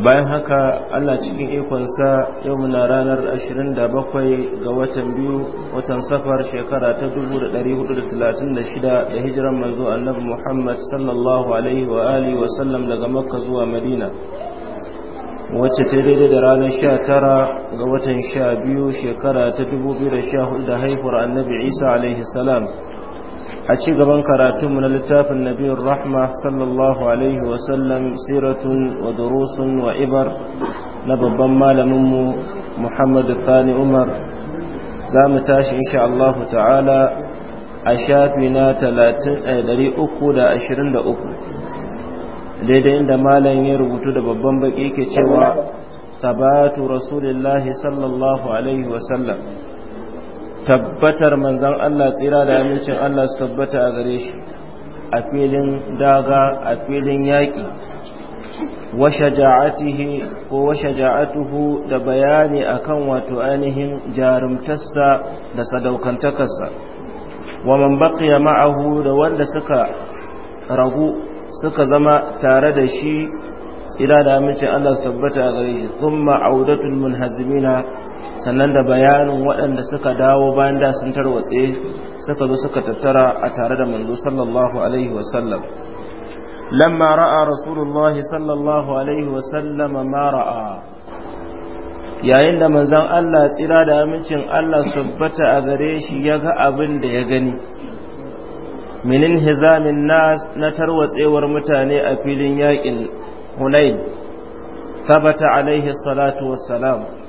bayan haka allah cikin ikonsa yau muna ranar 27 ga watan biyu watan safar shekara ta 1436 da hijiran manzo annabi muhammad sallallahu alaihi wa alihi wa sallam daga makka zuwa madina wacce ta daidai da ranar 19 ga watan 12 shekara ta 2014 da haihuwar annabi isa alaihi salam a ci gaban karatunmu na littafin nabiyar rahma sallallahu alaihi wasallam siratun wa durusun wa ibar na babban malaminmu muhammadu thani umar za mu tashi insha Allah ta'ala a shafi na 323 eh, daidai inda malam ya rubutu da babban baki ke cewa sabatu rasulillahi sallallahu alaihi wasallam tabbatar manzan Allah tsira da amincin Allah su tabbata a gare shi a filin daga a filin yaƙi wa shaja'atihi ko wa shaja'atuhu da bayani akan wato ainihin jarumtarsa da sadaukantakarsa wa man baqiya ma'ahu da wanda suka ragu suka zama tare da shi tsira da amincin Allah su tabbata a gare shi thumma audatul munhazimina sannan da bayanin waɗanda suka dawo bayan da sun tarwatse suka zo suka tattara a tare da manzo sallallahu alaihi wasallam lamma ra'a rasulullahi sallallahu alaihi wasallama ma ra'a yayin da manzon Allah tsira da amincin Allah subbata a gare shi ya ga abin da ya gani minin hizamin nas na tarwatsewar mutane a filin yaƙin hunain ثبت عليه الصلاة والسلام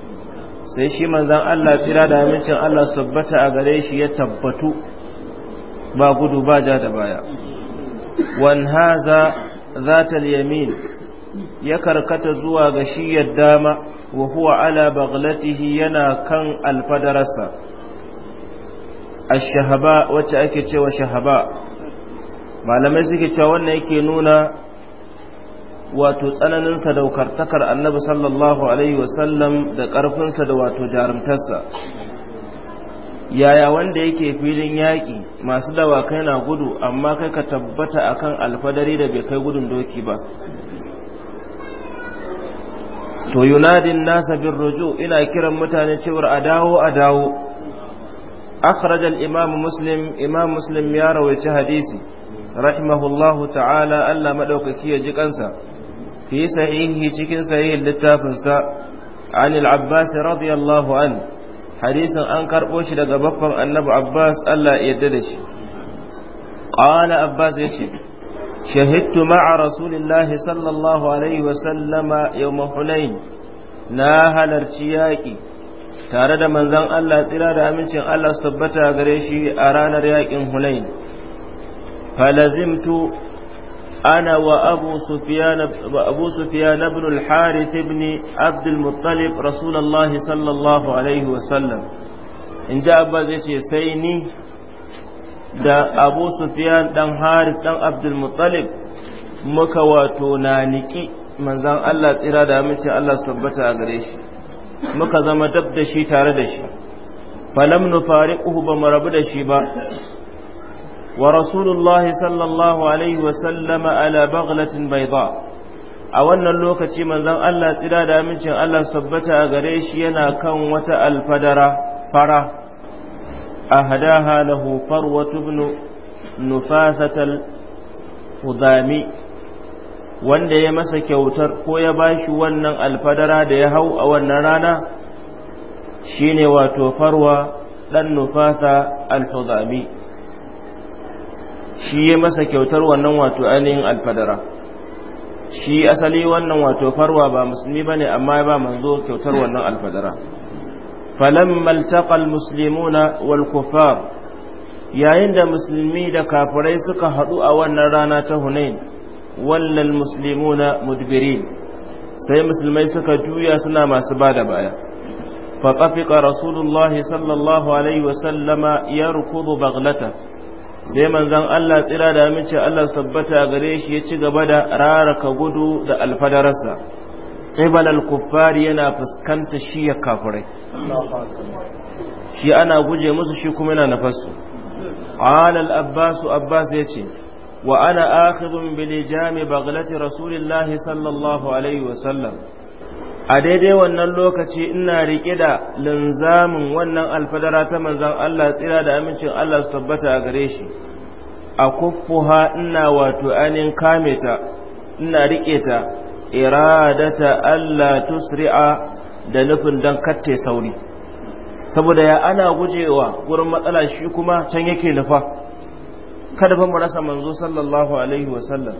sai shi manzan Allah tsira da amincin Allah tabbata a gare shi ya tabbatu ba gudu ba ja da baya wan haza ta yamin ya karkata zuwa ga shiyar dama wa huwa ala baghlatihi yana kan alfadararsa ash-shahaba wacce ake cewa shahaba malamai suke cewa wannan yake nuna wato tsananin sadaukartakar annabi sallallahu alaihi wasallam da ƙarfinsa da wato jarumtarsa yaya wanda yake filin yaƙi masu dawakai na gudu amma kai ka tabbata akan alfadari da bai kai gudun doki ba to yunadin nasa bin ruju ina kiran mutane cewar a dawo a dawo akhraj al-imam muslim imam muslim ya rawaita hadisi rahimahullahu ta'ala Allah madaukaki ya ji kansa fi sahihi cikin sahihin littafinsa an abbas radiyallahu an hadisin an karbo shi daga babban annabi abbas Allah ya yarda da shi qala abbas yace shahidtu ma'a rasulillahi sallallahu alaihi wa sallama yawm hunain na halarci yaki tare da manzon Allah tsira da amincin Allah su tabbata gare shi a ranar yakin hunain falazimtu أنا وأبو سفيان وأبو سفيان بن الحارث بن عبد المطلب رسول الله صلى الله عليه وسلم إن جاء أبا زيتي سيني دا أبو سفيان دم حارث دم عبد المطلب مكواتو نانكي من زان الله تيرا دا منتي الله سبتا أغريش مكا زما دب دشي تاردشي فلم نفارقه بمربدشي با ورسول الله صلى الله عليه وسلم على بغلة بيضاء a wannan lokaci manzon Allah tsira da amincin Allah sabbata a gare shi yana kan wata alfadara fara ahdaha lahu farwatu ibn nufasatal qudami wanda ya masa kyautar ko ya bashi wannan alfadara da ya hau a wannan rana shine wato farwa dan nufasa al shi ya masa kyautar wannan wato ainihin alfadara shi asali wannan wato farwa ba musulmi ba ne amma ba manzo kyautar wannan alfadara Falammal altaqa almuslimuna wal yayin da musulmi da kafirai suka haɗu a wannan rana ta hunain wallal muslimuna mudbirin sai musulmai suka juya suna masu ba da baya فطفق Rasulullahi sallallahu alaihi الله عليه وسلم يركض sai manzan Allah tsira da mace Allah tabbata gare shi ya ci gaba da raraka gudu da alfadararsa qibal al-kuffari yana fuskanta shi ya kafirai shi ana guje musu shi kuma yana nafasu qala al-abbas abbas yace wa ana bilijami bil jami baghlati rasulillahi sallallahu alaihi wa sallam a daidai wannan lokaci ina riƙe da linzamin wannan alfadara ta manzan Allah tsira da amincin Allah su tabbata a gare shi a kuffuha ina wato ainihin kame ta ina riƙe ta iradata Allah tusri'a da nufin don katte sauri saboda ya ana gujewa wurin matsala shi kuma can yake nufa kada fa mu rasa manzo sallallahu alaihi wa sallam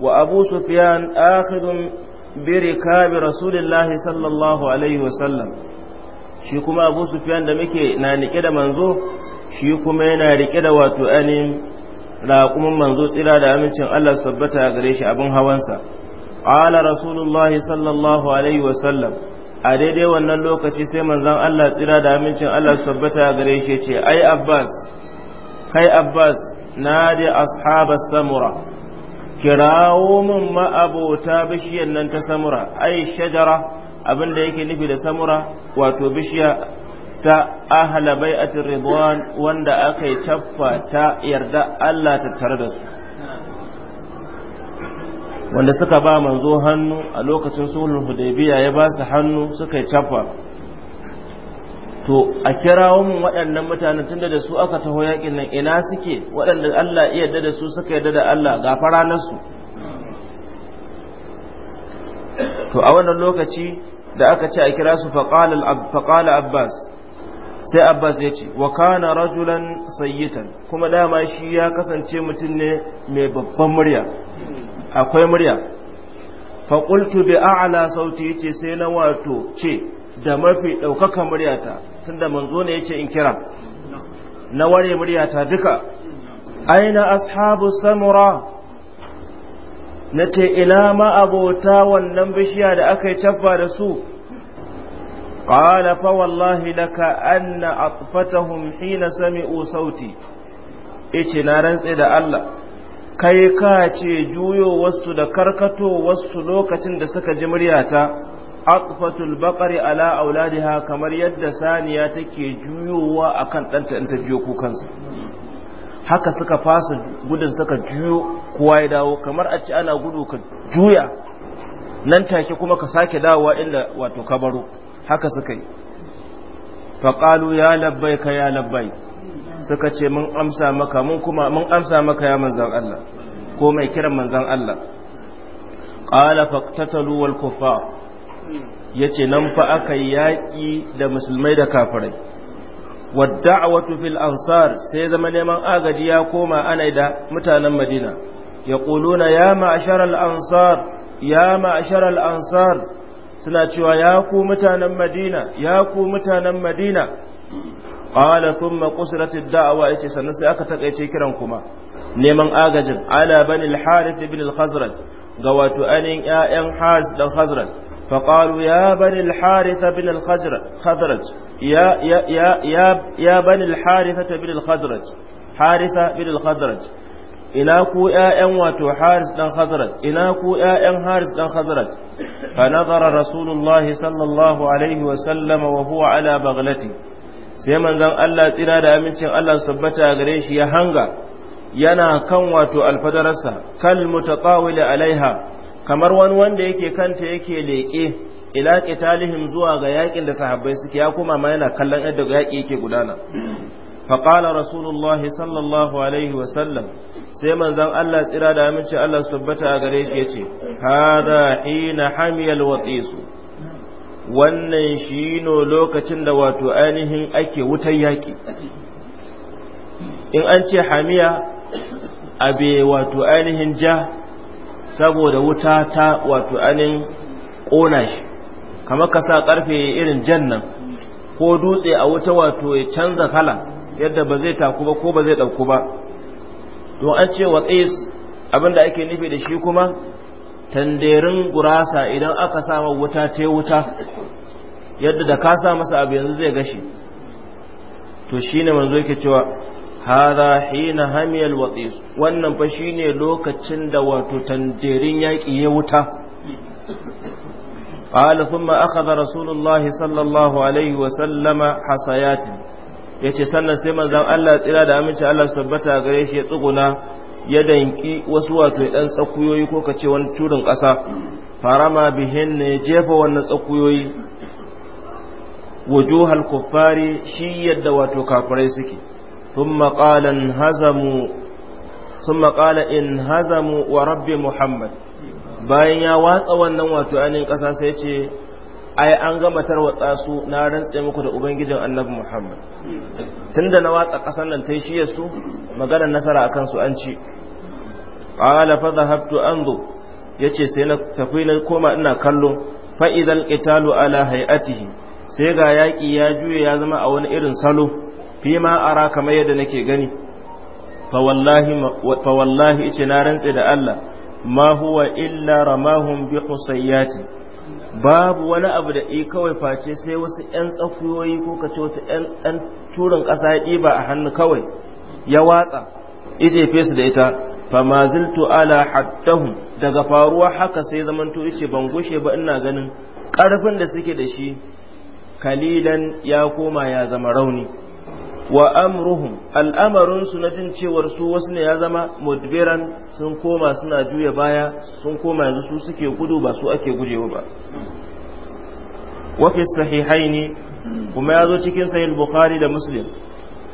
wa abu sufyan akhidun بركاب رسول الله صلى الله عليه وسلم shi kuma abu sufiyan da muke na rike da manzo shi kuma yana rike da wato anin raƙumin manzo tsira da amincin Allah sabbata gare shi abin hawansa qala rasulullahi sallallahu alaihi wasallam a daidai wannan lokaci sai manzon Allah tsira da amincin Allah sabbata gare shi ce ai abbas kai abbas nadi ashabas samura kirawo min ma'abota bishiyar nan ta samura ai shajara abinda yake nufi da samura wato bishiya ta ahala a ridwan wanda aka yi taffa ta yarda Allah ta tare da su wanda suka ba manzo hannu a lokacin sulhul hudaybiya ya ba su hannu suka yi taffa to a kirawo mun waɗannan mutanen tunda da su aka taho yakin nan ina suke waɗanda Allah iya yarda da su suka yarda da Allah gafara nasu to a wannan lokaci da aka ce a kira su faqala Abbas sai Abbas ya ce wa kana rajulan sayyitan kuma dama shi ya kasance mutum ne mai babban murya akwai murya Faƙultu qultu bi a'la sauti ce sai na wato ce da mafi ɗaukaka muryata tunda manzo ne yace in kira na ware muryata duka aina ashabu samura nace ina ma abota wannan bishiya da aka yi da su qala fa wallahi laka anna atfatahum hina sami'u sauti yace na rantse da Allah kai ka ce juyo wasu da karkato wasu lokacin da suka ji muryata aqfatul baqari ala auladiha kamar yadda saniya take juyowa akan danta in ta juyo kukansa haka suka fasa gudun suka juyo kowa ya dawo kamar a ci ana gudu ka juya nan take kuma ka sake dawowa inda wato ka baro haka suka yi qalu ya labbai ka ya labbai suka ce mun amsa maka mun kuma mun amsa maka ya manzon Allah ko mai kiran manzon Allah qala faqtatalu wal kuffar yace nan fa aka yaƙi da musulmai da kafirai wadda wadda'awatu fil ansar sai zama neman agaji ya koma ana da mutanen madina ya ƙuluna ya ma'ashar al'ansar ya ma'ashar al'ansar suna cewa ya ku mutanen madina ya ku mutanen madina qala sun qusrat ad da'wa yace sannan sai aka taƙaice kiran kuma neman agajin ala bani al harith ibn al khazraj ga wato anin yayan has dan khazraj فقالوا يا بني الحارثة بن الخزرج يا, يا, يا, يا, يا بني الحارثة بن الخزرج حارثة بن الخزرج ina ku ’ya'yan wato Haris ɗan Hazarat, ina ku ’ya'yan Haris ɗan Hazarat, fa nazara Rasulullahi sallallahu Alaihi wasallama wa huwa ala baglati, sai manzan Allah tsira da amincin Allah su tabbata gare shi ya hanga, yana kan wato alfadararsa, kal mutaƙawili alaiha, kamar wani wanda yake kanta yake leƙe ila qitalihim zuwa ga yaƙin da sahabbai suke ya koma ma yana kallon yadda yaƙi yake gudana fa qala rasulullahi sallallahu alaihi wa sallam sai manzon Allah tsira da aminci Allah su tabbata a gare shi yace hada hina hamiyal watisu wannan shino lokacin da wato ainihin ake wutar yaƙi. in an ce hamiya abe wato ainihin ja saboda wuta ta wato anin ƙona shi kamar ka sa ƙarfe irin nan, ko dutse a wuta wato ya canza kala yadda ba zai taku ba ko ba zai ɗauku ba to an ce wa ƙis abinda ake nufi da shi kuma tanderin gurasa idan aka sama wuta ce wuta yadda da ka sa masa abu yanzu zai gashi to shine manzo yake cewa hada hina hamiyal watis wannan fa shine lokacin da wato tandirin yaki ya wuta qala thumma akhadha rasulullahi sallallahu alaihi wa sallama hasayat yace sannan sai manzon Allah tsira da aminci Allah su tabbata gare shi ya tsuguna ya danki wasu wato dan tsakuyoyi ko kace wani turin kasa farama bihin ne jefa wannan tsakuyoyi wujuhal kuffari shi yadda wato kafirai suke ثم قال انهزموا ثم قال انهزموا ورب محمد bayan ya watsa wannan wato ainihin ƙasa sai ce ai an gama tarwatsa su na rantse muku da ubangijin annabi muhammad tunda na watsa ƙasar nan ta shi su maganar nasara a kansu an ci ƙala fa zahabtu anzu yace sai na tafi na koma ina kallo fa italu qitalu ala hay'atihi sai ga yaƙi ya juye ya zama a wani irin salo Fima ara kamar yadda nake gani fa wallahi ice na rantse da Allah ma huwa illa ramahum bi husayyati babu wani abu da i kawai face sai wasu ƴan tsakuyoyi ko ce wata ƴan turin ƙasa ya ɗiba a hannu kawai ya watsa ije fesu da ita ma ziltu ala hattahum daga faruwa haka sai zamanto yace ban gushe ba ina ganin Karfin da suke da shi kalilan ya koma ya zama rauni wa amruhum al'amarinsu na jin cewar su wasu ne ya zama mudbiran sun koma suna juya baya sun koma yanzu su suke gudu ba su ake gujewa ba wafi sahihaini kuma ya zo cikin sahih bukhari da muslim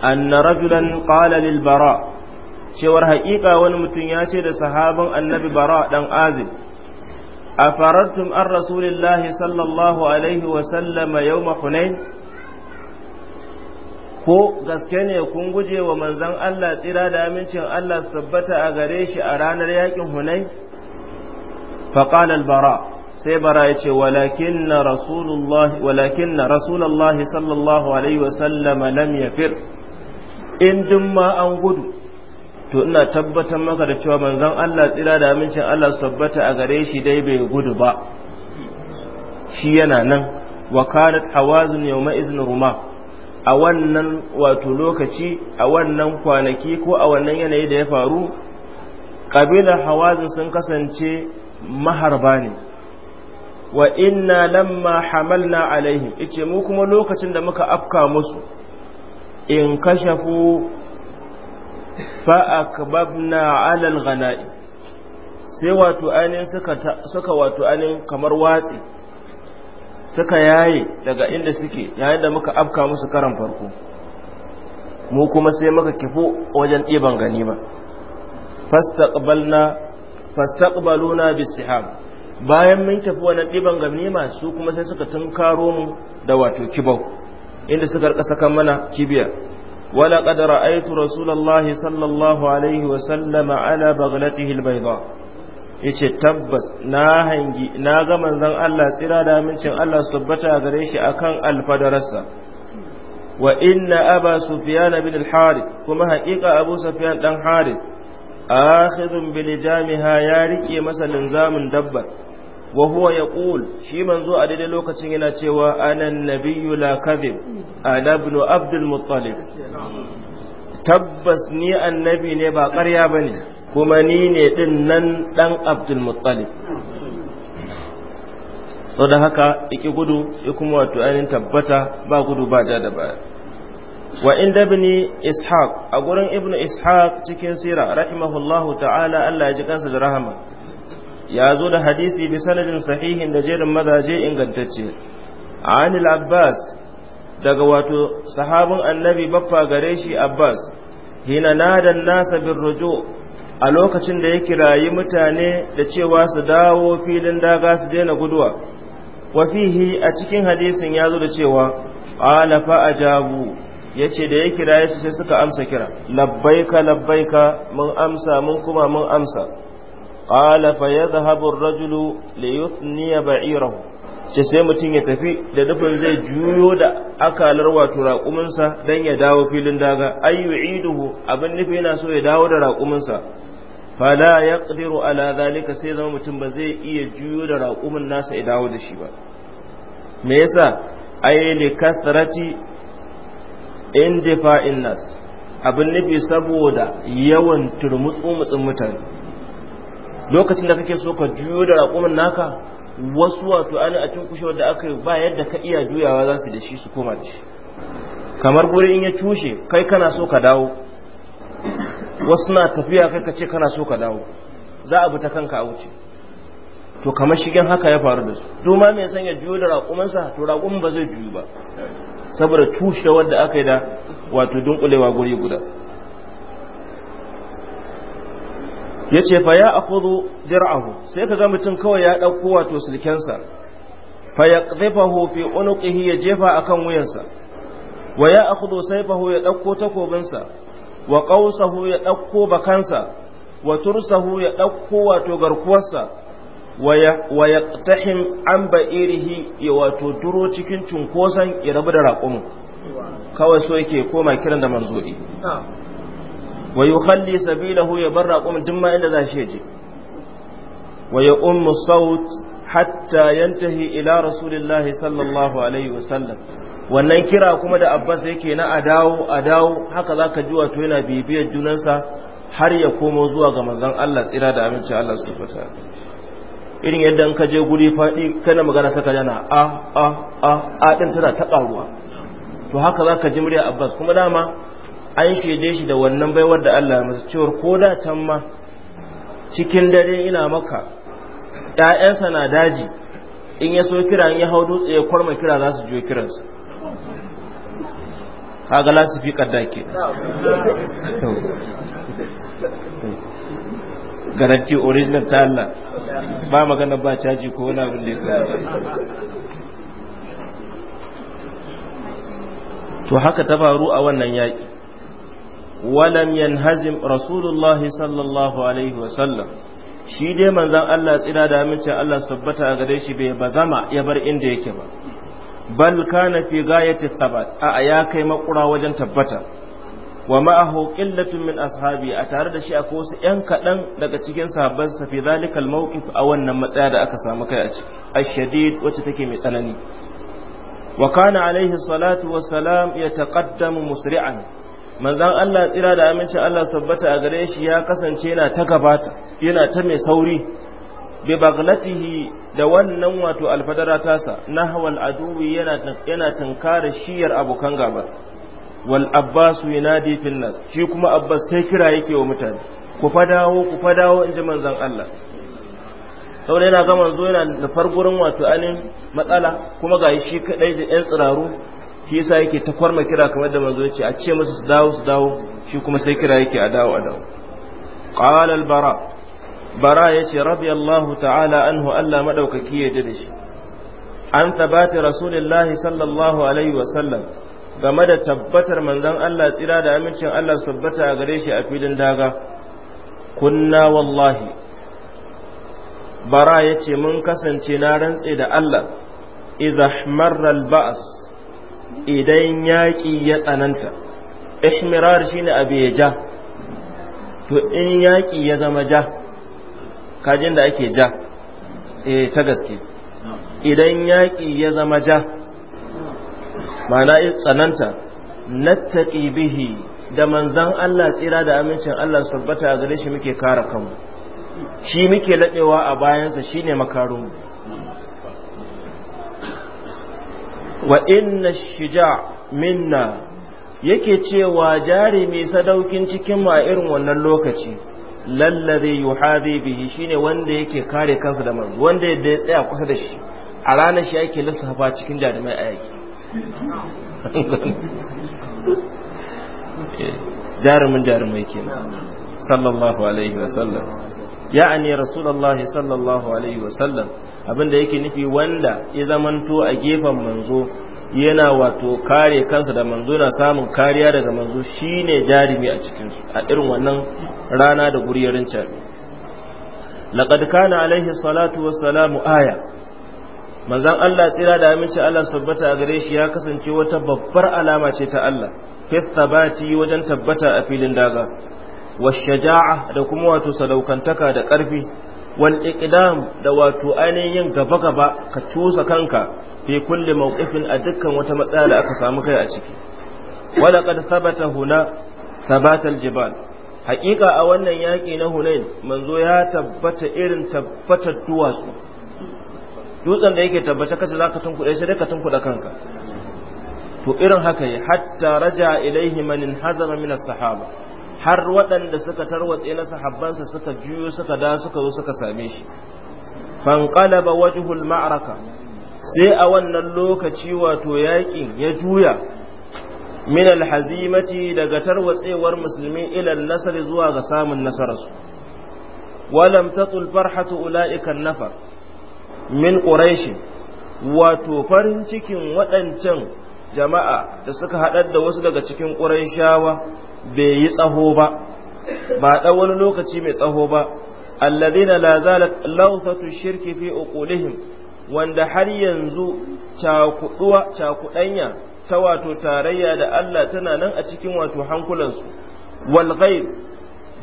anna rajulan qala lil bara cewar haƙiƙa wani mutum ya ce da sahaban annabi bara dan azib afaradtum an rasulillahi sallallahu alaihi wa sallama yawma hunain ko gaske ne kun guje wa manzon Allah tsira da amincin Allah su tabbata a gare shi a ranar yakin hunai faqala al-bara sai bara yace walakinna rasulullahi walakinna rasulullahi sallallahu alaihi wa sallama lam yafir in dun ma an gudu to ina tabbatar maka da cewa manzon Allah tsira da amincin Allah su tabbata a gare shi dai bai gudu ba shi yana nan wa kanat hawazun yawma izn rumah a wannan wato lokaci a wannan kwanaki ko a wannan yanayi da ya faru ƙabilar hawazin sun kasance maharba ne wa inna lamma hamalna alaihim ice mu kuma lokacin da muka afka musu in kashafu fa'akbabna alal ghana'i sai wato ainihin suka wato ainihin kamar watsi suka yaye daga inda suke yayin da muka afka musu karan farko mu kuma sai muka kifo wajen ɗiban ganima fastaqbalna fastaqbaluna bisiham bayan mun tafi wannan ɗiban ma su kuma sai suka tunkaro mu da wato kibau inda suka rika saka mana kibiya wala qad ra'aytu rasulullahi sallallahu alaihi wa sallama ala baghlatihi albayda yace tabbas na hangi na ga manzon Allah tsira da amincin Allah su tabbata gare shi akan alfadararsa wa inna aba sufyan bin al-harith kuma haƙiƙa abu sufyan dan harith akhidun bi lijamiha ya rike masa linzamin dabbar wa huwa yaqul shi manzo a daidai lokacin yana cewa ana nabiyyu la kadhib ana ibn abdul muttalib tabbas ni annabi ne ba ƙarya bane kuma ni ne din nan dan abdul muttalib so da haka iki gudu ya kuma wato ainihin tabbata ba gudu ba ja da baya wa inda ibni ishaq a gurin ibnu ishaq cikin sira rahimahullahu ta'ala Allah ya ji kansa da rahama ya zo da hadisi bi sanadin sahihin da jerin mazaje ingantacce anil abbas daga wato sahabin annabi baffa gare shi abbas hina nadan nasa bin rujo a lokacin da ya kirayi mutane da cewa su dawo filin daga su daina guduwa wafihi a cikin hadisin ya zo da cewa qala fa ajabu yace da ya kiraye su sai suka amsa kira labbaika labbaika mun amsa mun kuma mun amsa qala fa yadhhabu ar-rajulu li ba'irahu ce sai mutum ya tafi da nufin zai juyo da akalar wato raƙuminsa don ya dawo filin daga ayyu iduhu abin nufi yana so ya dawo da raƙuminsa fala ya ƙadiru ala zalika sai zama mutum ba zai iya juyo da raƙumin nasa ya dawo da shi ba me yasa ai li kathrati indifa innas abin nufi saboda yawan turmutsu mutane lokacin da kake so ka juyo da raƙumin naka wasu wato ana a cikin kushewar da aka yi ba yadda ka iya juyawa za su da shi su koma da shi kamar guri in ya tushe kai kana so ka dawo wasu na tafiya kai ka ce kana so ka dawo za a bi ta kanka a wuce to kamar shigen haka ya faru da su duma mai sanya juyo da raƙumansa to raƙum ba zai juyu ba saboda cushe wadda aka yi da wato dunkulewa guri guda ya ce fa ya akudu dir'ahu sai ka ga mutum kawai ya ɗauko wato silkensa fa ya zaifa hofi onukihi ya jefa akan wuyansa wa ya akudu saifahu ya ɗauko takobinsa wa qausahu ya ɗauko bakansa wa tursahu ya ɗauko wato garkuwarsa wa ya tahim an ba'irihi ya wato duro cikin cunkoson ya rabu da raƙumin kawai so yake koma kiran da manzo'i wa yi halli sabilahu ya bar raƙumin duk ma inda za shi je wa ya ummu saut hatta رسول ila صلى sallallahu alaihi وسلم wannan kira kuma da abbas yake na adawo adawo haka zaka ji wato yana bibiyar junansa har ya komo zuwa ga manzon Allah tsira da aminci Allah su fata irin yadda in ka je guri fadi kana magana saka jana a a a a din tana ta karuwa to haka zaka ji murya abbas kuma dama an shaide shi da wannan baiwar da Allah ya masa cewa ko da can ma cikin dare ina maka ya'yansa na daji in ya so kira in ya hau dutse ya kwarma kira za su jiyo kiransa su fi kadda ke garanti original ta Allah ba magana ba caji ko wani abin da ya to haka ta faru a wannan yaƙi walam yanhazim rasulullahi sallallahu alaihi wasallam shi dai manzan Allah tsira da amincin Allah su tabbata a gare shi bai bazama ya bar inda yake ba bal kana fi gayati thabat a ya kai makura wajen tabbata wa ma'ahu qillatun min ashabi a tare da shi akwai wasu yan kaɗan daga cikin sahabban sa fi zalikal mawqif a wannan matsaya da aka samu kai a ciki ashadid wacce take mai tsanani wa kana alaihi salatu wassalam yataqaddamu musri'an manzan Allah tsira da amincin Allah sabbata a gare shi ya kasance yana ta gabata yana ta mai sauri bi baglatihi da wannan wato alfadara tasa nahwal aduwi yana yana tunkara shiyar abokan gaba wal abbas yunadi fil nas shi kuma abbas sai kira yake wa mutane ku fadawo ku fadawo inji manzan Allah saboda yana ga manzo yana da fargurin wato anin matsala kuma ga shi kadai da yan tsiraru shi yasa yake ta kwarma kira kamar da manzo yace a ce musu su dawo su dawo shi kuma sai kira yake a dawo a dawo qala al bara bara yace radiyallahu ta'ala anhu Allah madaukaki ya da shi an tabati rasulullahi sallallahu alaihi wa sallam game da tabbatar manzon Allah tsira da amincin Allah su tabbata a gare shi a filin daga kunna wallahi bara yace mun kasance na rantse da Allah idza marra al idan yaƙi ya tsananta ihmirar shine abu ya ja to in yaƙi ya zama ja kajin da ake ja eh ta gaske idan yaƙi ya zama ja mana tsananta nattaqi bihi da manzan Allah tsira da amincin Allah su tabbata a gare shi muke kare kanmu shi muke laɗewa a bayansa shine makarunmu wa inna shija minna yake cewa jarumi sadaukin cikin a irin wannan lokaci yi haɗe bihi shine wanda yake kare kansa da manzo wanda yadda ya tsaya kusa da shi a ranar shi yake lissafa cikin jarumai a yaki eh, jarumin jarumai kenan sallallahu alaihi wasallam ya'ani rasulallah sallallahu alaihi wasallam abin da yake nufi wanda ya zamanto a gefen manzo yana wato kare kansa da manzo na samun kariya daga manzo shine jarumi a cikin a irin wannan rana da guriyarin can laqad kana alaihi salatu wassalamu aya manzon Allah tsira da aminci Allah tabbata a gare shi ya kasance wata babbar alama ce ta Allah fi yi wajen tabbata a filin daga wa shaja'a da kuma wato sadaukantaka da ƙarfi. wal iqdam da wato ainihin yin gaba gaba ka cusa kanka fi kulli mawqifin a dukkan wata matsala da aka samu kai a ciki wala qad thabata huna Sabatal jibal haƙiƙa a wannan yaƙi na hunain manzo ya tabbata irin tabbatar duwatsu dutsen da yake tabbata kace za ka tunkuɗe sai dai ka da kanka to irin haka yi hatta raja ilaihi manin hazama min sahaba har waɗanda suka tarwatse na sahabbansa suka juyo suka da suka zo suka same shi fanqalaba wajhul ma'raka sai a wannan lokaci wato yaƙin ya juya min alhazimati daga tarwatsewar musulmi ila nasar zuwa ga samun nasararsu walam tatul farhatu ulaika nafar min quraish wato farin cikin waɗancan jama'a da suka haɗar da wasu daga cikin shawa. bai yi tsaho ba ba ɗan wani lokaci mai tsaho ba alladhina la zalat lawthatu shirki fi uqulihim wanda har yanzu cakuduwa cakudanya ta wato tarayya da Allah tana nan a cikin wato hankulansu wal ghaib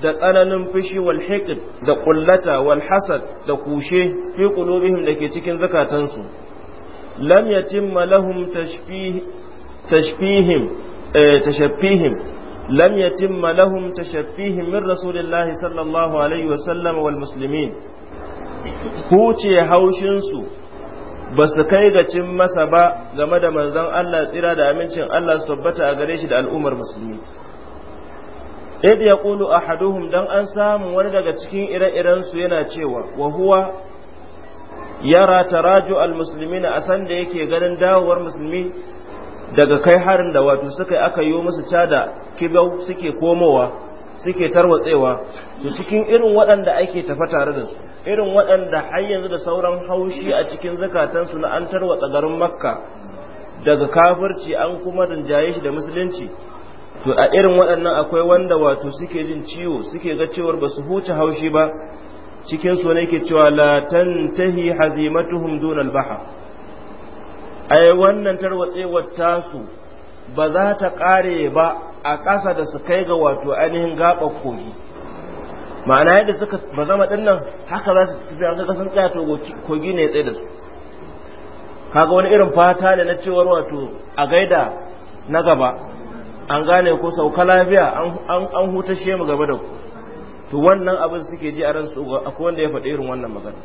da tsananin fushi wal hiqd da ƙullata, wal hasad da kushe fi qulubihim dake cikin zakatansu lam yatimma lahum tashbih tashbihim eh, tashbihim لم يتم لهم تشفيه من رسول الله صلى الله عليه وسلم والمسلمين كوتي هاوشنسو basu kai ga cin masa ba game da manzon Allah tsira da amincin Allah su tabbata a gare shi da al'ummar musulmi id yaqulu ahaduhum dan an samu wani daga cikin ire-iren su yana cewa wa huwa yara taraju al-muslimina asan da yake ganin dawowar musulmi daga kai harin da wato suka yi aka yi musu cada kibau suke komowa suke tarwatsewa to cikin irin waɗanda ake tafa tare da su irin waɗanda har yanzu da sauran haushi a cikin zakatansu na an tarwatsa garin makka daga kafirci an kuma rinjaye shi da musulunci to a irin waɗannan akwai wanda wato suke jin ciwo suke ga cewar ba su huce haushi ba cikin su ne ke cewa la tantahi hazimatuhum dunal bahar ai wannan tarwatsewar tasu ba za ta ƙare ba a ƙasa da su kai ga wato ainihin gaɓar kogi ma'ana yadda suka ba zama dinnan haka za su tafi an kasan tsaya to kogi ne ya tsaye da su kaga wani irin fata ne na cewar wato a gaida na gaba an gane ko sauka lafiya an huta shi mu gaba da ku to wannan abin suke ji a ransu akwai wanda ya faɗi irin wannan magana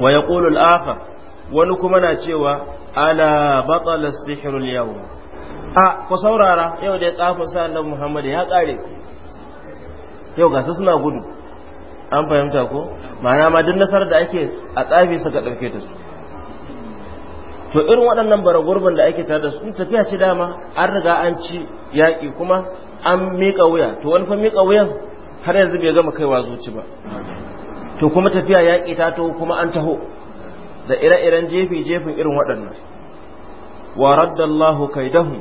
wa yaqulu al-akhar wani kuma na cewa ala batala sihirul yau a ku saurara yau da ya sa annabi Muhammad ya kare yau ga suna gudu an fahimta ko ma'ana ma duk nasarar da ake a tsafi ga ɗauke ta su to irin waɗannan baragurban da ake tare da su tafiya ce dama an riga an ci yaƙi kuma an miƙa wuya to wani fa miƙa wuyan har yanzu bai gama kaiwa zuci ba to kuma tafiya yaƙi ta taho kuma an taho da ire-iren jefi-jefin irin waɗannan wa raddallahu kaidahum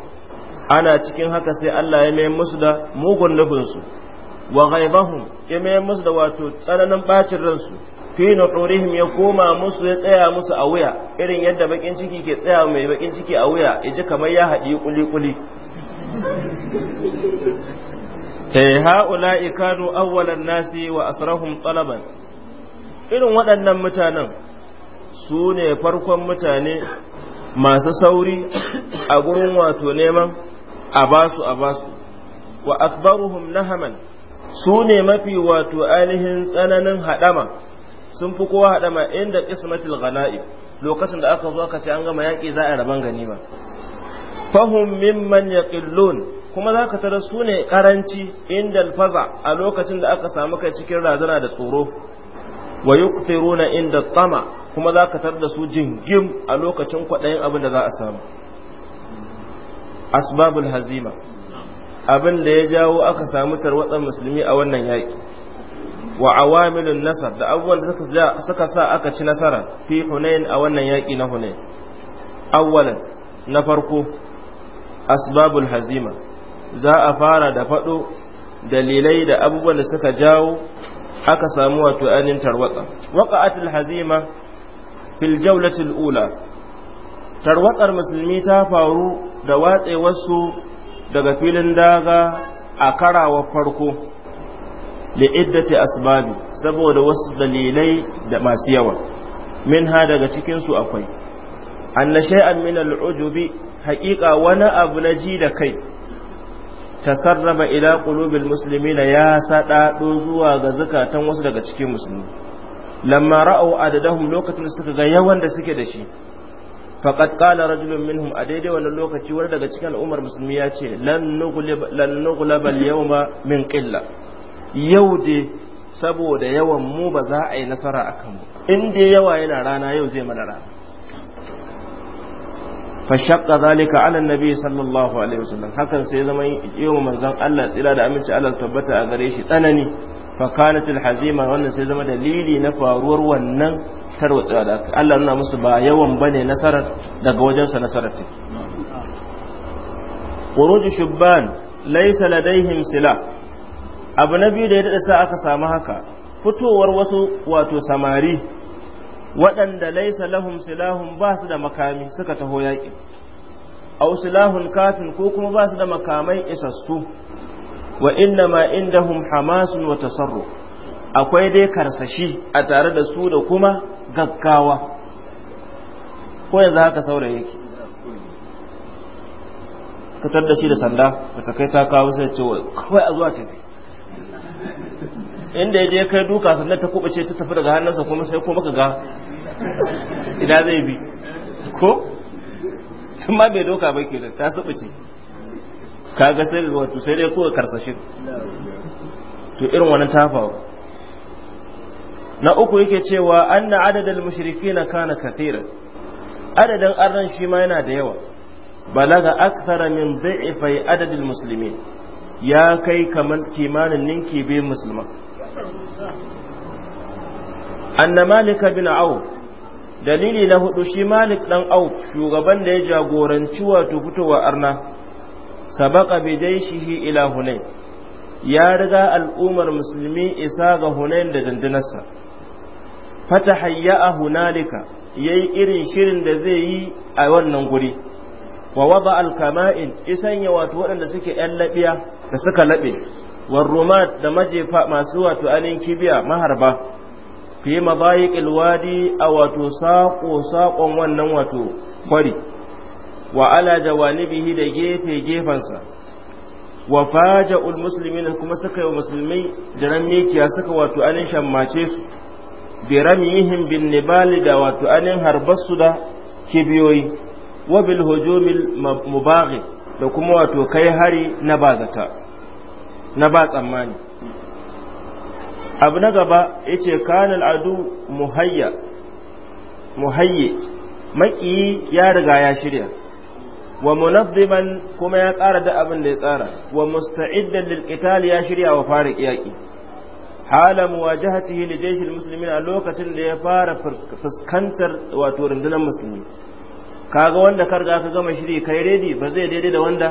ana cikin haka sai Allah ya mai musu da mugun nufinsu wa ghaibahum ya mai musu da wato tsananin bacin ransu fi nuhurihim ya koma musu ya tsaya musu a wuya irin yadda bakin ciki ke tsaya mai bakin ciki a wuya ya ji kamar ya haɗi kuli-kuli eh, ha'ula kanu awwalan nasi wa asrahum talaban irin waɗannan mutanen su ne farkon mutane masu sauri a gurin wato neman a basu a basu wa akbaruhum nahaman su ne mafi wato ainihin tsananin haɗama sun fi kowa haɗama inda qismatul ghana'i lokacin da aka zo aka ce an gama yaƙi za a raban ba. fahum mimman yaqillun kuma za ka tara su ne karanci inda alfaza a lokacin da aka samu kai cikin razana da tsoro wa yukthiruna inda tama kuma za ka tar da su jingim a lokacin kwaɗayin abin da za a samu asbabul hazima abin da ya jawo aka samu tarwatsar musulmi a wannan yaƙi wa awamilun nasar da abubuwan da suka sa aka ci nasara fi hunain a wannan yaƙi na hunain awwalan na farko asbabul hazima za a fara da faɗo dalilai da abubuwan da suka jawo aka samu wato ainihin tarwatsa waqa'atul hazima fil jawlatil ula tarwatsar musulmi ta faru da wasu daga filin daga a karawa farko iddati asbabi saboda wasu dalilai da masu yawa Min ha daga cikinsu akwai anna shay'an min al'ujubi haƙiƙa wani abu na ji da kai tasarraba ila qulubil muslimina ya sadado zuwa ga zakatan wasu daga cikin musulmi lamma ra'aw adadahum lokacin suka ga yawan da suke da shi faqad qala rajulun minhum a daidai wannan lokaci wani daga cikin al'ummar musulmi ya ce lan nughlaba al-yawma min qilla yau dai saboda yawan mu ba za a yi nasara akan mu in dai yawa yana rana yau zai mana rana fashakka zalika ala annabi sallallahu alaihi wasallam hakan sai zama yiwa manzon Allah tsira da aminci Allah tabbata a gare shi tsanani fa kanat hazima wannan sai zama dalili na faruwar wannan tarwatsa da Allah nuna musu ba yawan bane nasarar daga sa nasarar take khuruj shubban laysa ladaihim sila abu na biyu da ya dada sa aka samu haka fitowar wasu wato samari waɗanda laisa lahum silahun ba su da makami suka taho yaƙi aw silahun kafin ko kuma ba su da makamai isastu wa inna ma indahum hamasun wa tasarru akwai dai karsashi a tare da su da kuma gaggawa ko yanzu haka saura yake fitar da shi da sanda ba ta kai ta kawo sai ce kawai a zuwa tafi inda ya je kai duka sannan ta kubace ta tafi daga hannunsa kuma sai kuma ka ga ina zai bi ko tun ma bai doka ba ke da ta subuce ga sai ga wato sai dai kowa karsashin to irin wani ta faru na uku yake cewa adadin adadal na kana kathira adadin arnan shi ma yana da yawa balaga aksara min ifai adadin musulmi ya kai kamar kimanin ninki biyun musulman anna malika bin auf dalili na hudu shi malik ɗan auf shugaban da ya jagoranci wato fitowa arna sabaka bi jaishihi ila hunai, ya riga al'ummar musulmi isa ga hunain da dandanarsa. fata hayya'a hunalika yayi irin shirin da zai yi a wannan guri wa wada al-kama'il isan ya wato waɗanda suke 'yan laɓiya da suka laɓe warrumat da majefa masu wato anin kibiya maharba fi mabayiqil wadi a wato saƙo saƙon wannan wato kwari wa ala jawanibihi da gefe gefensa da faja'ul muslimin kuma suka yi musulmai jiran mikiya wato anin shammace su bi ramihim bin nibali da wato anin harbasu da kibiyoyi wa bil hujumil mubaghi da kuma wato kai hari na bazata na ba tsammani abu na gaba ya ce kanal adu muhayye maƙiyi ya riga ya shirya wa munazziman kuma ya tsara da abin da ya tsara wa musta'iddan lil qital ya shirya wa fara yaki hala muwajahatihi li jayshil muslimin a lokacin da ya fara fuskantar wato rundunar musulmi kaga wanda ka ka gama shiri kai redi ba zai daidai da wanda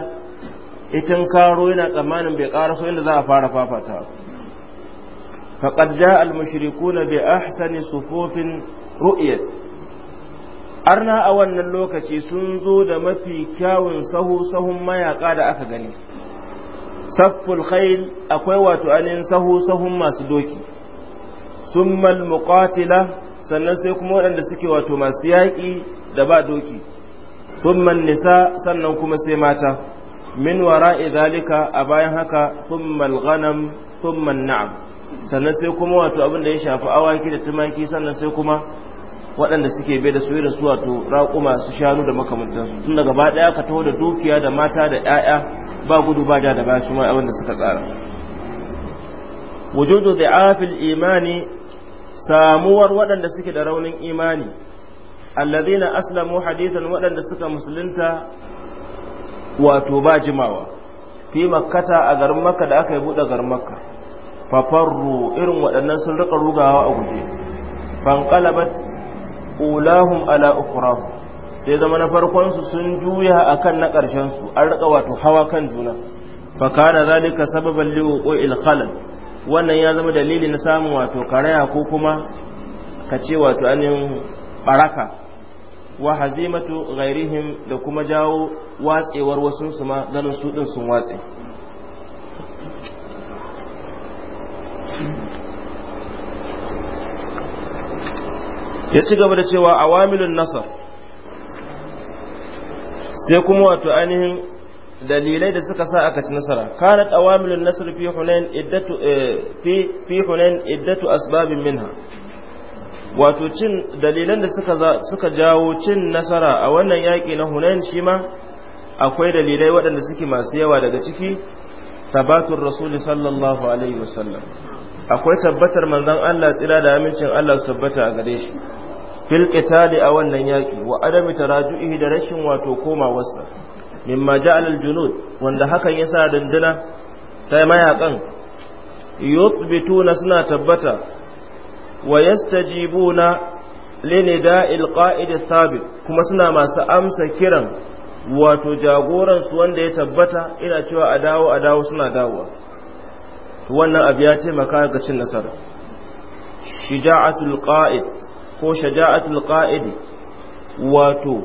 itin karo yana tsammanin bai so inda za a fara fafata faqad jaa al-mushrikuuna bi ahsani sufufin ru'yat arna a wannan lokaci sun zo da mafi kyawun sahu sahun mayaka da aka gani safful Kha'il akwai wato anin sahu sahun masu doki summal muqatila sannan sai kuma waɗanda suke wato masu yaƙi da ba doki summan nisa sannan kuma sai mata min wara'i zalika a bayan haka thummal ghanam thumman na'am sannan sai kuma wato abin da ya shafi awaki da tumaki sannan sai kuma waɗanda suke bai da su irin su wato raƙuma su shanu da makamantansu tun daga gaba ɗaya ka taho da dukiya da mata da ƴaƴa ba gudu ba ja da ba su ma abin da suka tsara wujudu da'afil imani samuwar waɗanda suke da raunin imani alladhina aslamu hadithan waɗanda suka musulunta wato ba jimawa fi makkata a garin makka da aka yi buɗe garin makka fafarru irin waɗannan sun riƙa rugawa a guje fanqalabat ulahum ala ukhrahum sai zama na farkon su sun juya akan na ƙarshen su an riƙa wato hawa kan juna fa kana zalika sababan li wuqu'il khalal wannan ya zama dalili na samun wato karaya ko kuma kace wato anin baraka wa hazimatu ghairihim da kuma jawo watsewar wasu su ma ganin su din sun watse ya ci gaba da cewa awamilun nasar sai kuma wato ainihin dalilai da suka sa aka ci nasara kanat awamilun nasar fi hunain iddatu eh, fi hunain iddatu asbabin minha wato cin dalilan da suka jawo cin nasara a wannan yaki na Hunain shi ma akwai dalilai waɗanda suke masu yawa daga ciki tabatur rasul sallallahu alaihi wasallam akwai tabbatar manzon Allah tsira da amincin Allah su tabbata a gare shi fil qitali a wannan yaki. wa adami taraju'ihi da rashin wato komawarsa mimma ja'al al junud wanda hakan yasa dandana ta mayakan yuthbituna suna tabbata ويستجيبون لنداء القائد الثابت كما سنا ما سأمس كرا وتجاغورا سوان دي تبتا إلا تشوى أداو أداو سنا داو وانا أبياتي مكاكة النصر شجاعة القائد ko shaja'atul qa'idi wato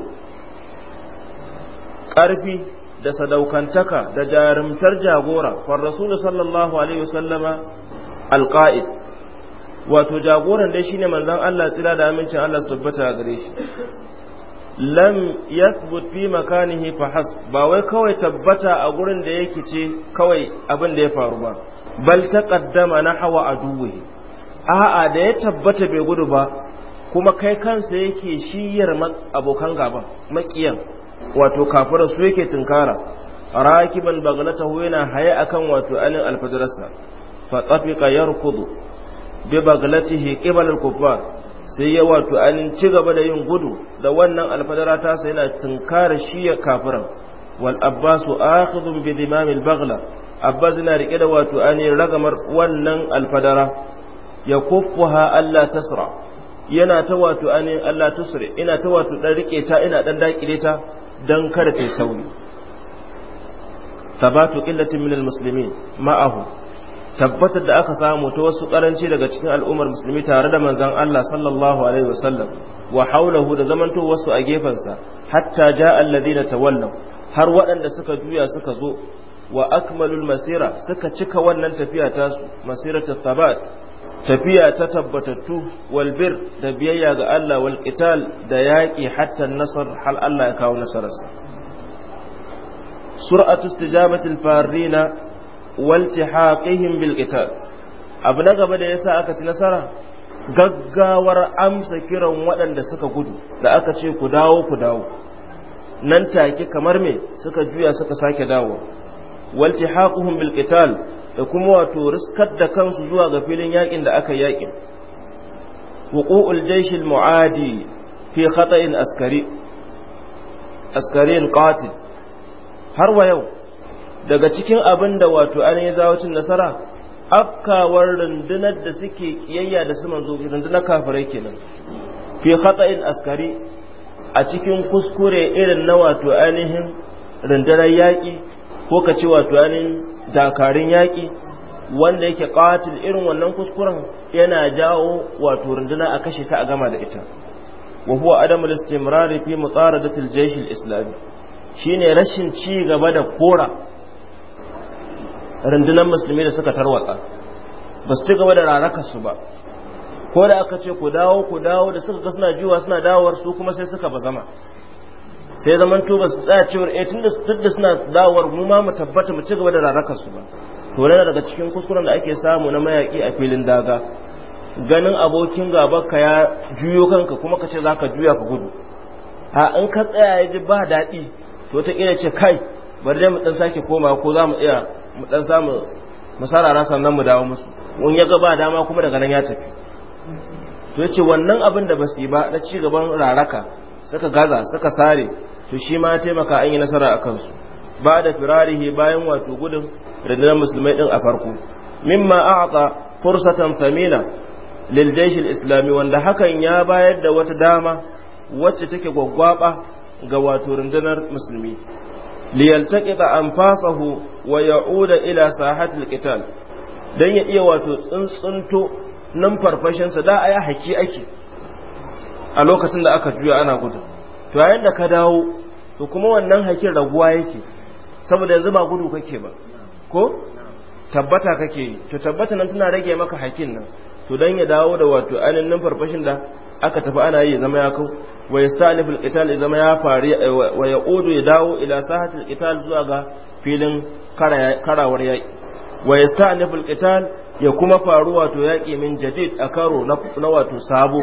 ƙarfi da sadaukantaka da jarumtar jagora far rasul sallallahu alaihi wasallama alqa'id wato jagoran dai shine manzon Allah tsira da amincin Allah su tabbata gare shi lam yathbut fi makanihi fa has ba wai kawai tabbata a gurin da yake ce kawai abin da ya faru ba bal hawa nahwa aduwihi a'a da ya tabbata bai gudu ba kuma kai kansa yake shiyar abokan gaban makiyan wato kafara su yake tinkara rakiban baglatahu yana haye akan wato alin alfajarsa. fa tsafiqa yarkudu bi baglatihi qibal al-kuffar sai ya wato anin ci gaba da yin gudu da wannan alfadara ta sai yana tunkara shi ya kafiran wal abbas akhidhun bi dimam al-baghla abbas na rike da wato anin ragamar wannan alfadara ya kuffuha Allah tasra yana ta wato anin Allah tusri ina ta wato dan rike ta ina dan dakile ta dan kada ta sauri sabatu qillatin min al-muslimin ma'ahu tabbatar da aka samu ta wasu karanci daga cikin al'ummar musulmi tare da manzon Allah sallallahu alaihi wasallam wa haulahu da zamanto wasu a gefensa hatta jaa alladhina tawallaw har waɗanda suka juya suka zo wa akmalul masira suka cika wannan tafiya ta masiratu thabat tafiya ta tabbatattu walbir da biyayya ga Allah wal qital da yaƙi hatta nasar hal Allah ya kawo nasararsa sur'atu istijabatil farina waltihaqihim bil qital abu na gaba da yasa aka ci nasara gaggawar amsa kiran waɗanda suka gudu da aka ce ku dawo ku dawo nan take kamar me suka juya suka sake dawo waltihaquhum bil qital da kuma wato riskar da kansu zuwa ga filin yakin da aka yakin wuqu'ul jaysh al muadi fi khata'in askari askariyin qatil har wa yau daga cikin abin da wato an yi zawacin nasara afkawar rundunar da suke kiyayya da su manzo rundunar kafirai kenan fi khata'in askari a cikin kuskure irin na wato ainihin rundunar yaƙi ko ka ce wato ainihin dakarun yaƙi wanda yake qatil irin wannan kuskuren yana jawo wato runduna a kashe ta a gama da ita wa huwa adamu al-istimrar fi mutaradatil jaysh al-islami shine rashin ci gaba da kora rundunar musulmi da suka tarwatsa ba su ci gaba da rarakarsu ba ko da aka ce ku dawo ku dawo da suka ga suna jiwa suna dawowar su kuma sai suka ba zama sai zaman tuba su tsaya cewar eh tun da suna dawowar mu ma mu tabbata mu ci gaba da rarakarsu ba to yana daga cikin kuskuren da ake samu na mayaki a filin daga ganin abokin gaba ka ya juyo kanka kuma ka ce ka juya ka gudu a in ka tsaya ya ji ba daɗi to ta kila ce kai bari dai mu dan sake koma ko za mu iya mu dan samu masarara sannan mu dawo musu wani ya ga ba dama kuma daga nan ya tafi to yace wannan abin da basu yi ba na ci gaban raraka suka gaza suka sare to shi ma taimaka an yi nasara a kansu ba da firarihi bayan wato gudun rundunar musulmai din a farko mimma a'ata fursatan thamina lil jaysh islami wanda hakan ya bayar da wata dama wacce take gwaggwaba ga wato rundunar musulmi liyaltaqita anfasahu wa ya'uda ila sahatil qital dan ya iya wato tsuntsunto nan farfashin sa da aya haki ake a lokacin da aka juya ana gudu to yayin da ka dawo to kuma wannan hakin raguwa yake saboda yanzu ba gudu kake ba ko tabbata kake to tabbata nan tana rage maka hakin nan to dan ya dawo da wato ainihin farfashin da aka tafi ana yi zama ya kau wa yastalifu alqital zama ya fari eh, wa ƙudu ya dawo ila sahatil ƙital zuwa ga filin karawar yaki wa yastalifu alqital ya kuma faru wato yaki min jadid a karo na wato sabo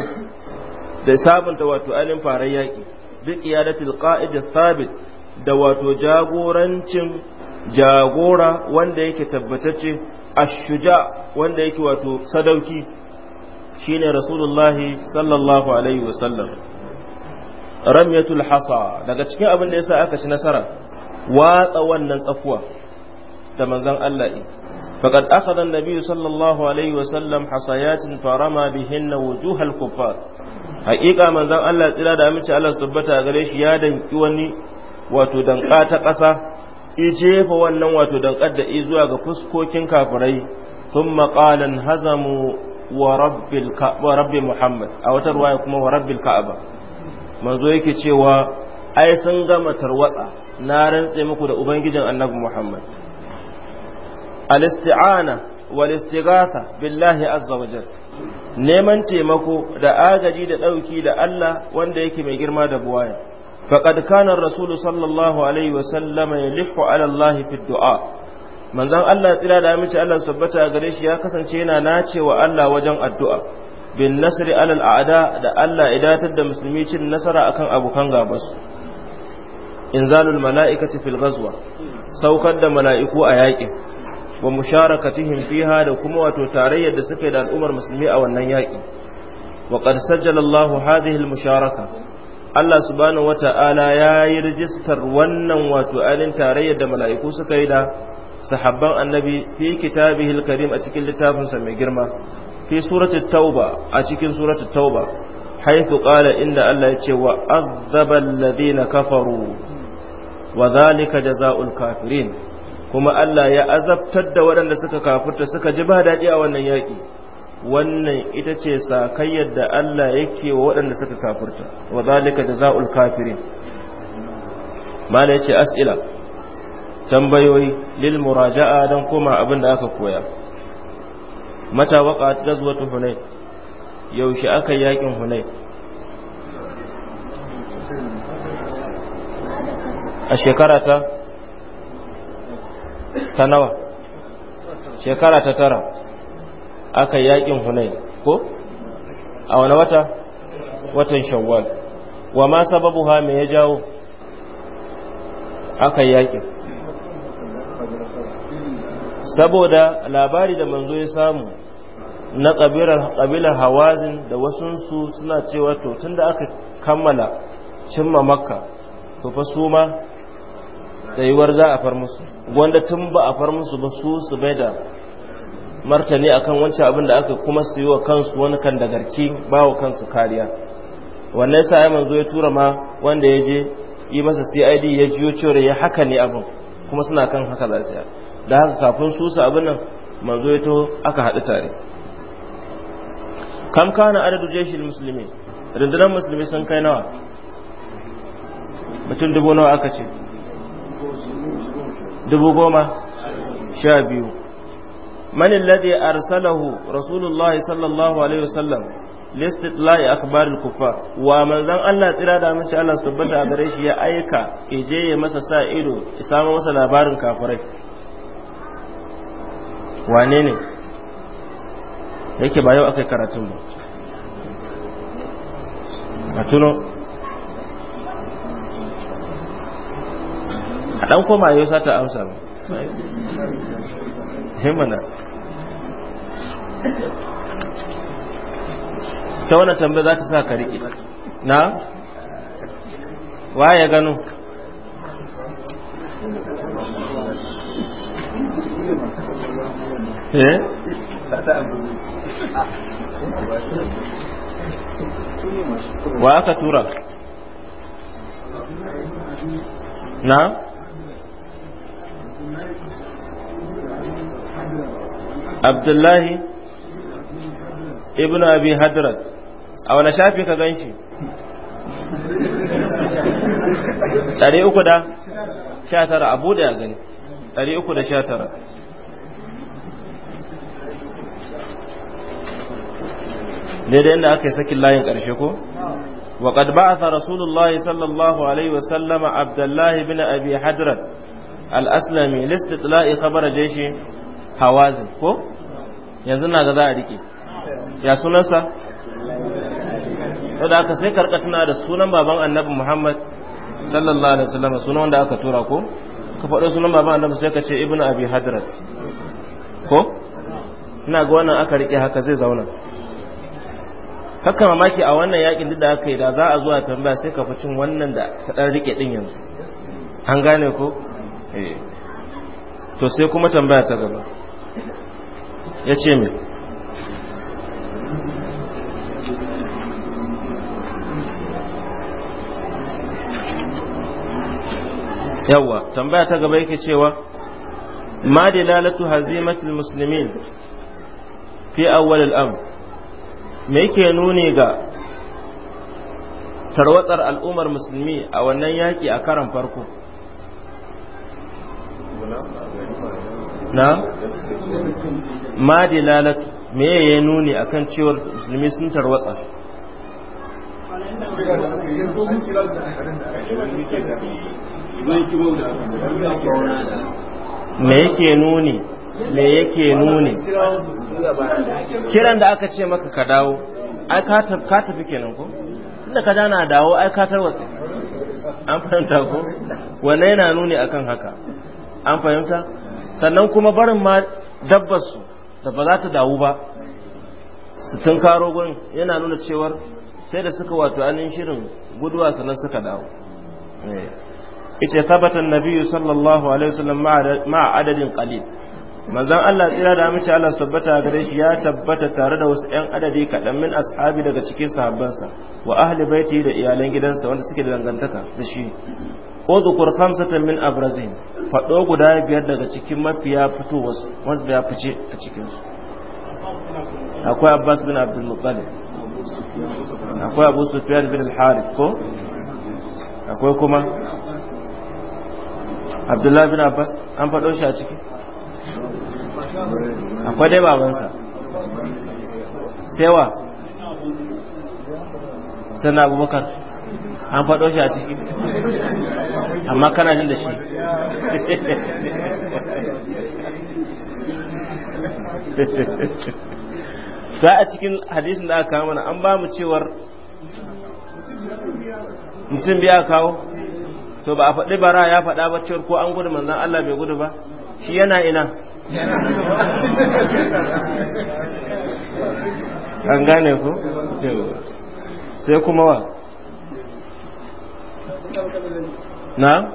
da sabunta wato alin farar yaki Duk iya da thabit da wato jagorancin jagora wanda yake tabbatacce shuja wanda yake wato sadauki Shi ne rasulullahi sallallahu alaihi wasallam ramyatul hasa daga cikin abin da sa aka ci nasara watsa wannan tsafuwa da manzon Allah yi faqad akhadha an-nabiy sallallahu alaihi wasallam hasayatin farama bihinna wuju kuffar haƙiƙa manzon Allah tsira da amince Allah su tabbata gare shi ya danki wani wato danka ta ƙasa i jefa wannan wato dankar da i zuwa ga fuskokin kafirai thumma qala hazamu wa rabbi muhammad a wata ruwaya kuma wa rabbil ka'aba manzo yake cewa ai sun gama tarwatsa na rantse muku da ubangijin annabi muhammad al-isti'ana wal istighatha billahi azza wa neman taimako da agaji da dauki da Allah wanda yake mai girma da buwaya faqad kana ar-rasul sallallahu alaihi wa sallam yalihu ala Allah fi du'a manzon Allah tsira da aminci Allah sabbata gare shi ya kasance yana nace wa Allah wajen addu'a bin nasri alal a'da da Allah idatar da musulmi cin nasara akan abokan gabas inzalul mala'ikati fil ghazwa saukar da mala'iku a yakin wa musharakatihim fiha da kuma wato tarayyar da suka da al'ummar musulmi a wannan yaki wa qad sajjala Allah hadhihi al musharaka Allah subhanahu wata'ala ya yi rijistar wannan wato alin tarayyar da mala'iku suka yi da sahabban annabi fi kitabihi alkarim a cikin littafinsa mai girma fi suratul tauba a cikin suratul tauba haythu qala inda Allah ya ce wa azzaba alladhina kafaru wa dhalika jazaa'ul kafirin kuma Allah ya azabtar da waɗanda suka kafirta suka ji ba daɗi a wannan yaki wannan ita ce sakayyar da Allah yake wa waɗanda suka kafirta wa zalika jazaa'ul kafirin mala yace as'ila tambayoyi lil muraja'a don koma abin da aka koya mata waqa'at ghazwatu hunain yaushe aka yakin hunain a shekara ta tanawa nawa shekara ta tara aka yakin hunain ko a wani wata watan shawwal wa ma sababu ha me ya jawo aka yakin saboda labari da manzo ya samu na ƙabilar hawazin da wasunsu suna cewa to tun da aka kammala cimma makka to fa su ma tsayuwar za a far musu wanda tun ba a far musu ba su su bai da martani akan wancan abin da aka kuma su yi wa kansu wani kan da garki ba wa kansu kariya wannan sa ya manzo ya tura ma wanda ya je yi masa cid ya jiyo cewa ya haka ne abin kuma suna kan haka za su da haka kafin su su abin nan manzo ya taho aka haɗu tare kam kana adadu jeshin musulmi rundunar musulmi sun kai nawa mutum dubu nawa aka ce dubu goma sha biyu manin lade arsalahu rasulullah sallallahu alaihi wasallam listed lai akbarul kuffar wa manzan Allah tsira da mace Allah su tabbata gare shi ya aika ke je ya masa sa ido ya samu masa labarin kafirai wane ne yake ba yau aka yi karatun ba a tuno a ɗan koma yau sata amsa ba himmana ta wani tambaya za ta sa ka riƙe na waye gano Eh? wa aka tura na abdullahi ibn abi hadrat a wani shafi ka ganshi? shi uku da sha tara abu da ya gani ɗari uku da sha tara daidai yadda aka yi sakin layin ƙarshe ko wa qad ba'atha rasulullah sallallahu alaihi wa sallama abdullahi bin abi hadrat al-aslami listitla'i khabar jayshi hawazin ko yanzu na ga za a rike ya sunansa da aka sai karka tuna da sunan baban annabi muhammad sallallahu alaihi wasallam sunan wanda aka tura ko ka faɗo sunan baban annabi sai ka ce ibnu abi hadrat ko ina ga wannan aka rike haka zai zauna haka mamaki a wannan yakin duk da aka yi da za a zuwa tambaya sai ka cin wannan da ta dan rike din yanzu an gane ko eh to sai kuma tambaya ta gaba yace me yawa tambaya ta gaba yake cewa ma dalalatu hazimatul muslimin fi awwal al-amr me yake nuni ga tarwatsar al'ummar musulmi a wannan yaƙi a karan farko na ma me ya nuni akan cewar musulmi sun tarwatsa me yake nuni me yake nuni kiran da aka ce maka ka dawo ai ka tafi kenan ko tunda ka dana dawo ai ka tarwatsa an fahimta ko wannan yana nuni akan haka an fahimta sannan kuma barin ma dabbar su da ba za ta dawo ba su tun karo gun yana nuna cewar sai da suka wato anin shirin guduwa sannan suka dawo eh. ita tabbatan nabiyyu sallallahu alaihi wasallam ma'a adadin qalil manzon Allah tsira da amince Allah su tabbata gare shi ya tabbata tare da wasu ƴan adadi kaɗan min ashabi daga cikin sahabbansa wa ahli baiti da iyalan gidansa wanda suke da dangantaka da shi udhkur khamsatan min abrazin faɗo guda biyar daga cikin mafiya fito wasu wanda ya fice a cikin su akwai Abbas bin Abdul Muttalib akwai Abu Sufyan bin Al-Harith ko akwai kuma abdullahi bin Abbas an faɗo shi a ciki akwai dai babansa sewa sannan abubakar an faɗo shi a ciki amma kana jin da shi ta a cikin hadisin da aka kawo mana an ba mu cewar mutum biya kawo to ba a faɗi bara ya faɗa ba cewar ko an gudu manzan Allah bai gudu ba shi yana ina an gane ku sai kuma wa na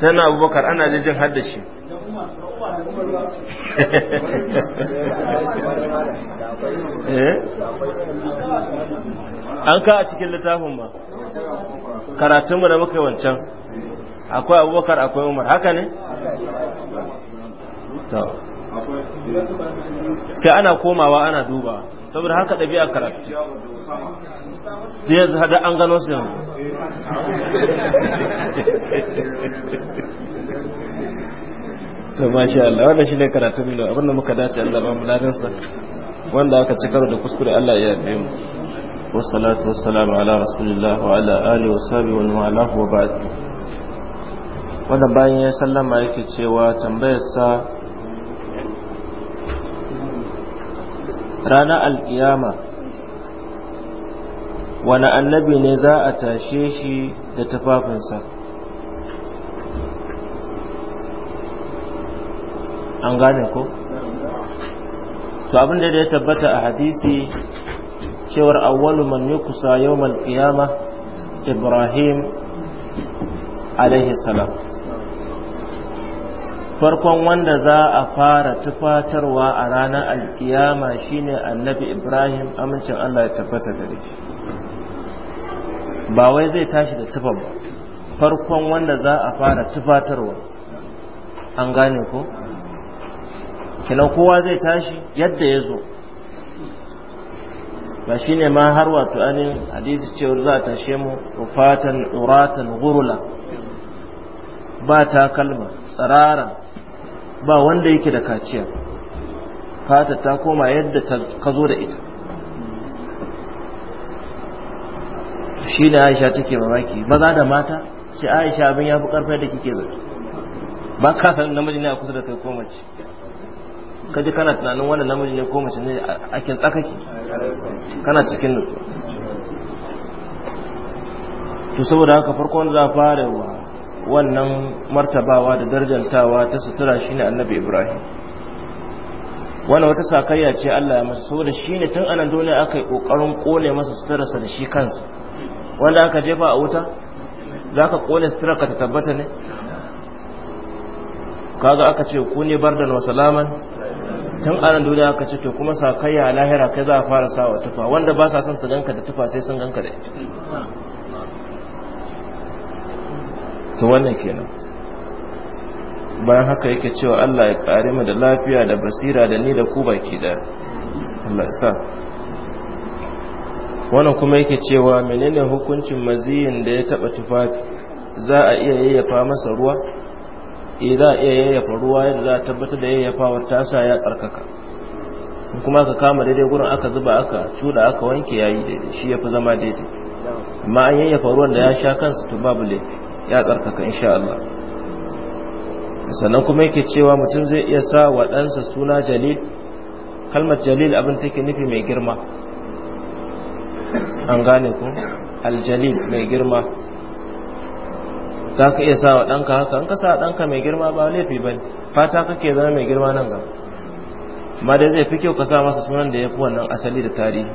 sai na abubakar ana jin haddashi eh? an ka a cikin littafin ba karatunmu da muka wancan akwai abubakar akwai umar haka ne sai ana komawa ana duba saboda haka ɗabi'a karatu da hada an gano su yanzu to masha Allah shi ne karatu ne abinda muka dace Allah ba mu ladansa wanda aka ci karo da kuskure Allah ya yabe mu wasu salamu ala rasulullah wa ala alihi wa Sabi wa ala wa ba'd wanda bayan ya sallama yake cewa tambayarsa rana alkiyama wani annabi ne za a tashe shi da tufafinsa an gane ko? to abin da ya tabbata a hadisi cewar awwalu man yukusa yau qiyama ibrahim alaihi salam farkon wanda za a fara tufatarwa a ranar alkiyama shine annabi ibrahim amincin allah ya tabbata gare shi ba wai zai tashi da tufan ba farkon wanda za a fara tufatarwa an gane ko kinan kowa zai tashi yadda ya zo ba shine ma har wato anin hadisi cewar za a tashe mu rufatan uratan gurula ba takalma tsarara ba wanda yake da kaciya fata ta koma yadda ka zo da ita shi ne aisha take mamaki maza da mata sai aisha abin ya fi karfe da kike zai ba ka san namiji ne a kusa da kai ko mace ka ji kana tunanin wanda namiji ne ko mace ne a kin tsakaki kana cikin nutsu to saboda haka farko wanda za a fara yawa wannan martabawa da darjantawa ta sutura shine annabi ibrahim wannan wata sakayya ce Allah ya masa saboda shine tun anan dole aka yi kokarin kone masa suturarsa da shi kansa wanda aka jefa a wuta za ƙone kone suturarka ta tabbata ne kaga aka ce ku ne bardan wa salaman tun anan dole aka ce to kuma sakayya lahira kai za a fara sawa tufa wanda ba sa son su ganka da tufa sai sun ganka da ita to wannan kenan bayan haka yake cewa Allah ya kare mu da lafiya da basira da ni da ku baki da Allah sa wannan kuma yake cewa menene hukuncin maziyin da ya taba tufafi za a iya yayyafa masa ruwa eh za a iya yayyafa ruwa yadda za a tabbatar da yayyafawar tasa ya tsarkaka kuma aka kama daidai gurin aka zuba aka cuda aka wanke yayi daidai shi yafi zama daidai amma an yayyafa ruwan da ya sha kansa to babu laifi ya tsarkaka insha Allah sannan kuma yake cewa mutum zai iya sa wa suna jalil kalmar jalil abin take nufi mai girma an gane ku aljalil mai girma za ka iya sa wa haka in ka sa mai girma ba laifi ba fata kake zama mai girma nan ga ma dai zai fi kyau ka sa masa sunan da ya fi wannan asali da tarihi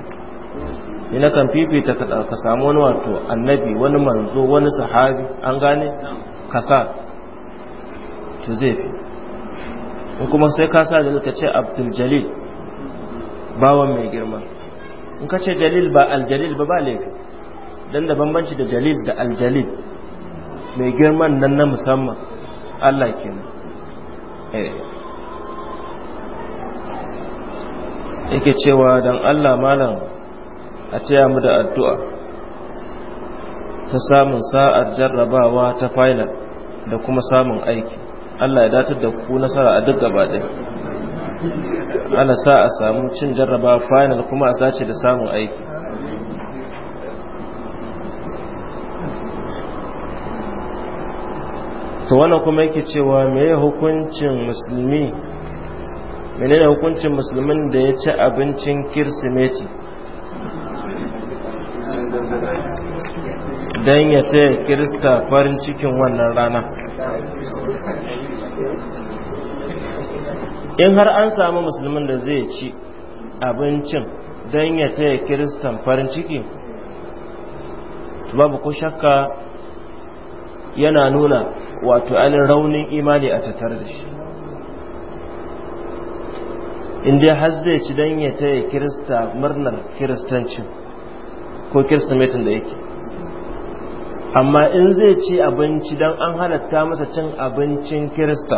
ni na kan fifita ka samu wani wato annabi wani manzo wani sahabi an gane sa to zai fi in kuma sai ka sa da ka ce abdul jalil bawan mai girma in ka ce jalil ba aljalil ba ba laifi dan da bambanci da jalil da aljalil mai girman nan na musamman Allah kenan eh yake cewa don Allah malam a taya mu da addu'a ta samun sa'ar jarrabawa ta final da kuma samun aiki Allah ya datar da ku nasara a duk gaba ɗin ana sa a samu cin jarrabawa final kuma a sace da samun aiki to wannan kuma yake cewa meye hukuncin musulmi menene hukuncin musulmin da ya ci abincin kirsimeti don ya taya kirista farin cikin wannan rana in har an samu musulmin da zai ci abincin don ya taya kiristan farin ciki babu ko shakka yana nuna wato ainihin raunin imani a tattare da shi inda har zai ci dan ya taya kirista murnar kiristanci. ko kirsimetin da yake amma in zai ci abinci don an halatta masa cin abincin kirista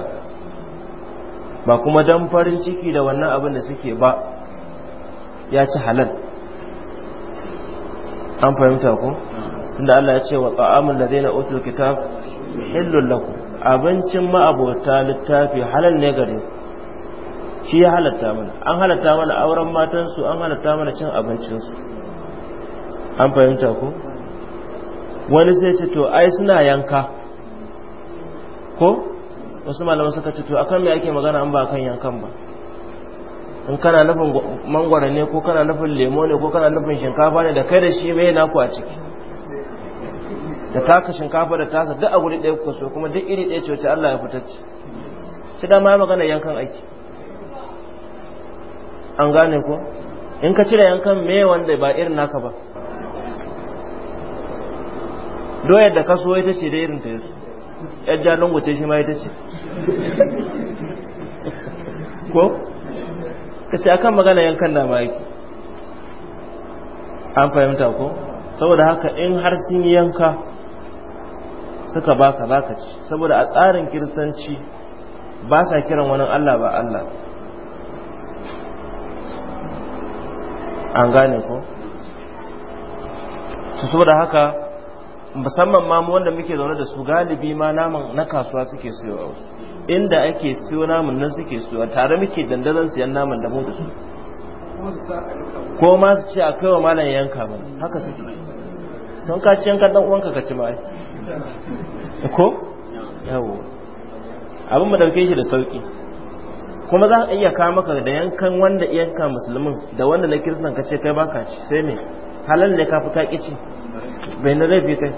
ba kuma don farin ciki da wannan abin da suke ba ya ci halal an fahimta ku inda Allah ya ce wa ta'amul ladina utul kitab hillul laku abincin ma'abota littafi halal ne gare shi ya halatta mana an halatta mana auren matansu an halatta mana cin abincinsu an fahimta ko wani sai ce to ai suna yanka ko wasu malamai suka ce to akan me ake magana an ba kan yankan ba in kana nufin mangwara ne ko kana nufin lemo ne ko kana nufin shinkafa ne da kai da shi mai naku a ciki da taka shinkafa da tasa duk a guri ɗaya kuka so kuma duk iri ɗaya ce wace Allah ya fitacce shi dama ya magana yankan aiki an gane ko in ka cire yankan me wanda ba irin naka ba doyar da kaso ita ce da irin ta yasu yar jalon wace shi ma ita ce ko ka ce akan magana yankan na maki an fahimta ko saboda haka in har sun yanka suka baka baka ci saboda a tsarin kiristanci ba sa kiran wani Allah ba Allah an gane ko saboda haka musamman ma wanda muke zaune da su galibi ma naman na kasuwa suke siyo a wasu inda ake siyo naman nan suke siyo tare muke dandazon siyan naman da mu da su ko ma su ce a kai wa malam yanka ba haka suke don ka ci yankan dan uwanka ka ci ma ko yawo abin mu dauke shi da sauki kuma za a iya ka maka da yankan wanda yanka musulmin da wanda na kiristan ka ce kai baka ci sai me halal ne ka fi kici bai na laifi kai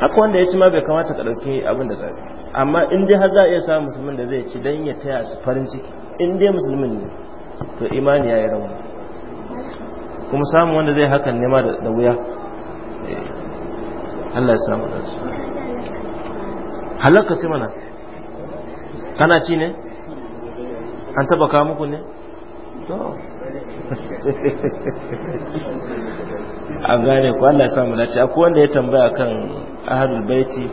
haka wanda ya ci ma bai kamata ka ɗauki abin da zafi amma in dai har za a iya samun musulmin da zai ci don ya taya su farin ciki in dai musulmin ne to imani ya yi rauni kuma samun wanda zai hakan nema da wuya eh, Allah ya samu da su halakka ce mana kana ci ne an taba kawo muku ne to an gane ku Allah ya samu dace akwai wanda ya tambaya kan ahlul baiti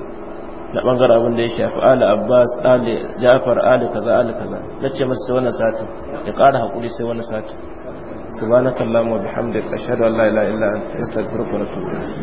na bangaren abin da ya shafi ali abbas ali jafar ali kaza ali kaza nace masa sai wannan sati ya ƙara hakuri sai wannan sati subhanakallahumma wa bihamdika ashhadu an la ilaha illa anta astaghfiruka wa atubu ilayk